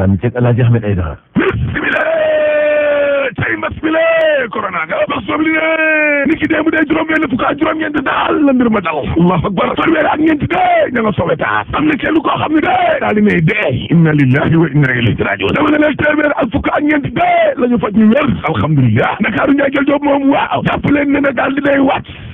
daa ceeg alaaji Ahmed Aidara tey mbas mi la corona nga bax soob li ne ni ki dee mu dee juróom-benn fukk ak juróom-ñeent daal la mbir ma dal allahu akbar fanweer ak ñeent dee ña nga sowe taas am na kenn koo xam ne dee daal di nay dee inna lillahi wa inna ilayhi rajiun dama ne leen téeméer ak fukk ak ñeent dee la ñu faj ñu wér alhamdulillah Ndakaaru Njaay jël Joob moom waaw jàpp leen ne ne daal di nay wàcc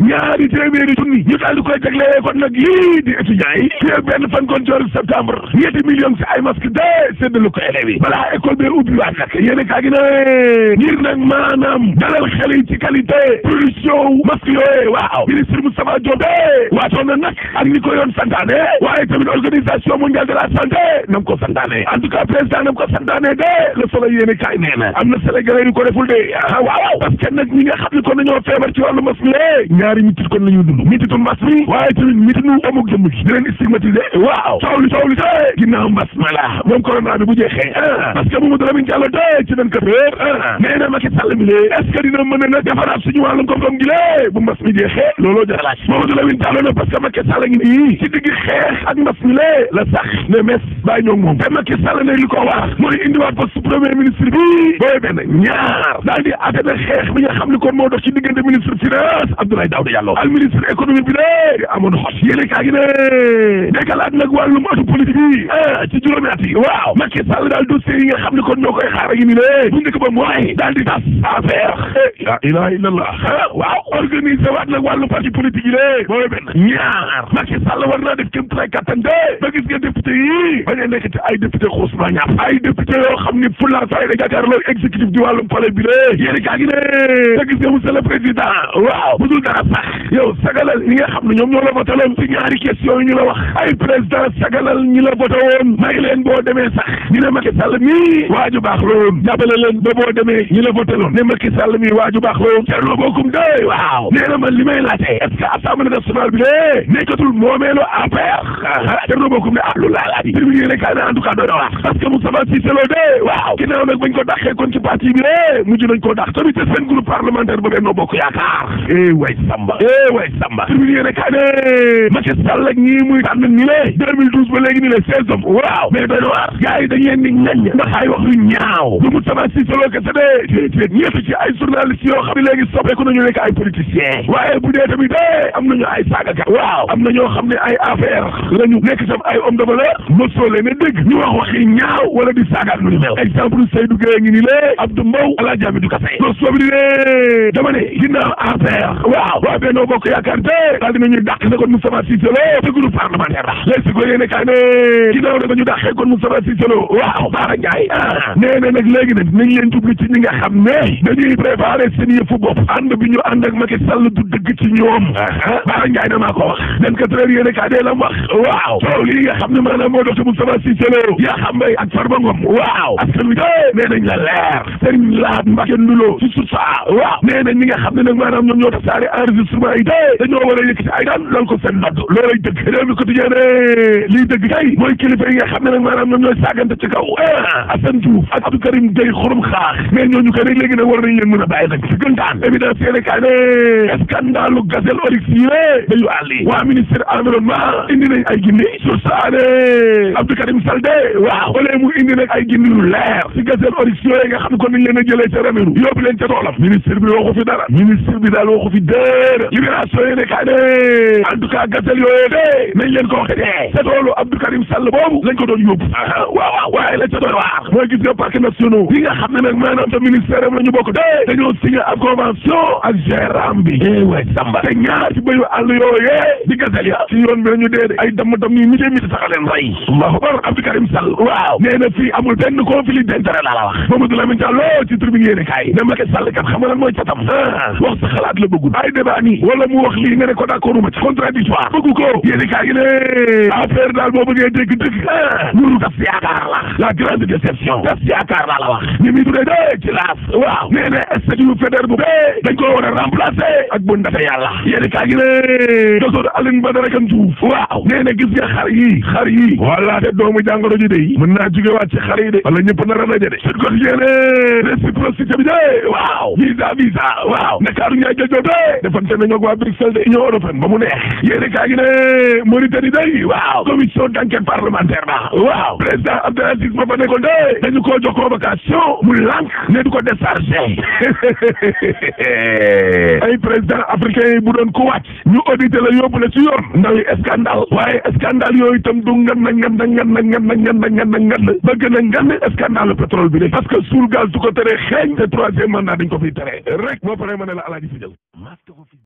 ñaari téeméeri junni ñu daal di koy jagleel kon nag yii di étudiants yi fii ak fan kon joor septembre ñetti millions ci ay masque de séddalu ko élèves yi école bi ubbiwaat nag yéen a kaa gi ne ngir nag maanaam dalal xel ci qualité production masque yooyu waaw ministre Moustapha Diop de waatoon na ak ni ko yoon santaane waaye tamit organisation mondiale de la santé nam ko santaane en tout cas président nam ko santaane de le soleil yéen a kaay nee sénégalais yu ko deful de ah waaw parce que nag ñi nga xam ne kon dañoo ci wàllu masque ñaari mitit kon la ñuy dund mititu mbas mi waaye tamit mititu amuk jëmm di leen stigmatisé waaw coow li coow li tey ginnaaw mbas ma corona bi bu jeexee ah. parce que Mamadou Lamine Diallo tey ci vingt quatre heures ah, ah. na Macky Sall mi lee est-ce que dina mën a nag suñu wàllum koom-koom gi bu mbas mi jeexee looloo jalaaj Mamadou Lamine Diallo na parce que Macky Sall ngi nii ci digg xeex ak mbas mi lee la sax ne mes bàyyi ñoo moom te Macky Sall ne li ko wax mooy indiwaat poste premier ministre bi booy benn ñaar daal di attaqué xeex bi nga xam ne kon moo dox ci diggante ministre finance Abdoulaye Abdoulaye Daouda Diallo al ministre économique bi de Amadou Hott yéene kaa gi ne dekkalaat nag wàllum atu politique yi ah, ci juróomi at yi waaw Macky Sall daal dossier yi xam ne kon ñoo koy xaar a ngi ni ne bu njëkk ba mooy daal di tas affaire eh, la ilaha illallah ah, waaw organiser waat nag wàllum parti politique yi de mooy benn ñaar Macky Sall war naa def kéem kattan de ba gis nga député yi bañ a nekk ci ay député xuusma ñaar ay député yoo xam ni fulaa saa yi da jàkkaarloo exécutif di wàllum palais bi de yéene kaa gi ne ba gis nga monsieur le président waaw a baax yow sagalal ñi nga xam ne ñoom ñoo la votaloon ci ñaari question yi ñu la wax ay président sagalal ñi la voté may leen boo demee sax ñu ne Macky Sall mii waaju baax la woon jàppale leen ba boo demee ñi la voté loon ne Macky Sall mii waaju baax la woon Thierno Bocoum day waaw nee na man li may laajte est-ce que assemblée nationale bi de nekkatul moomeelu APR aa Thierno Bocoum ne ah lu laa laaj bi ñu nekkaa ne en tout cas doy na wax parce que Moustapha Cissé Lo de waaw ginnaaw nag bañ ko kon ci parti bi de mujj nañ koo dàq ba Benno Bokk Yaakaar eh Samba eh way Samba tribune yéene kay ne Macky Sall ak ñii muy tànn ni le 2012 ba léegi ni le seize hommes waaw mais doy na waar gars yi dañ leen di ŋaññ ndax ay wax yu ñaaw lu mu tabax si solo kese de déedéet ñeetu ci ay journalistes yoo xam ne léegi soppeeku nañu nekk ay politiciens waaye bu dee tamit de eh, am nañu ay saagakat waaw am na ñoo xam ne ay affaire la ñu nekk tam ay homme de valeur mosoo leen a dégg ñu wax waxi ñaaw wala di saagaat lu ñu mel exemple Seydou Gueye ngi ni le Abdou Mbow Alaaji Amidou Kassé mosoo bi di ne dama waa Benno Bokk Yaakaar te daal dina ñuy dàq na kon Moustapha Cissé Lo ci groupe parlementaire ba les ne ginnaaw ah. nag ci ñi nga xam ne dañuy préparé seen yëfu bopp ànd bi ñu ànd ak Macky Sall du dëgg ci ñoom ah Bara Ndiaye damaa ko wax den la wax waaw soow lii nga ne maanaam moo ci Moustapha Cissé Lo yaa xam bay ak Farba Ngom waaw askan wi de nee nañ la leer Serigne Laat Ndulo ci Sousa waaw nee nañ ñi nga xam ne nag maanaam ñoom Aziz Soumaï dee dañoo war a yëkkati ay daan lal ko seen nodd loolay dëgg réew mi quotidien ne lii dëgg kay mooy kilifa yi nga xam ne nag maanaam ñoom ñooy saagante ci kaw Assane Diouf ak Abdou Karim Gueye xurum xaax mais ñooñu koy rek léegi nag war nañu leen mën a bàyyi nag dëggantaan évidence yéene kaay ne scandalu gazelle oryx yi lé dañu àll yi waa ministère environnement indi nañ ay gindi sur ça ne Abdou Karim Saldé waaw olee mu indi nag ay gindi yu leer si gazelle oryx yooyu nga xam ne kon nañ leen a jëlee ca Ranérou yóbbu leen ca toolam ministre bi waxu fi dara ministre bi daal waxu fi dara you cannot say the Kadir. And gàggasal yooyee dee nañ leen ko waxe dee te loolu Abdou Karim Sall boobu lañ ko doon yóbbu waaw waaw waaye la ca doon waar mooy gis nga parc nationaux yi nga xam ne nag maanaam te ministère am la ñu bokk dee dañoo signé ab convention ak gérant bi eh waay samba te ñaar ci bëyu àll yooyee di gasal ya ci yoon bi la ñu dee de ay damm dam ni nit yi miti sax leen rey Allahu akbar Abdou Karim Sall waaw nee na fii amul benn conflit d'intérêt laa la wax Mamadou Lamine Diallo ci tribune yéene kaay ne Macky Sall kat xam nga lan mooy catam wax sa xalaat la bëggul ay débat nii wala mu wax lii nga ne ko d'accord ma ci contradiction histoire a ko yéen i kaay gi ne daal boo bëggee dégg dëgg eh. nguuru tas la la grande déception tas yaakaar la la wax ñi muy tuddee de ci laas waaw nee na statut fédéral bu bee dañ koo war a remplacer ak bu ndafe yàlla yéen i kaay gi ne docteur Alioune Badara Kane Diouf waaw nee na gis nga xar yi xar yi voilà te doomu jàngoro ji de mën naa jóge waat ci xar yi de wala ñëpp nar a daje de Sud Quotidien ne réciprocité bi de waaw visa visa waaw Ndakaaru ñaay jël joote defante yéene kaa gi ne Mauritanie day wow commission d'enquête parlementaire ba wow président Abdoul Aziz ba fa nekkoon de dañu koo jox convocation mu lànk ne du ko déchargé ay président africain yi bu doon ko wàcc ñu audité la yóbbu la ci yoon ndaw yi scandale waaye scandale yooyu itam du ngan na ngan na ngan na ngan na ngan na ngan na ngan na bëgg na ngan scandale pétrole bi de parce que suul gaz du ko tere xeeñ te troisième mandat dañ ko fiy tere rek moo pare ma la alaaji fi jël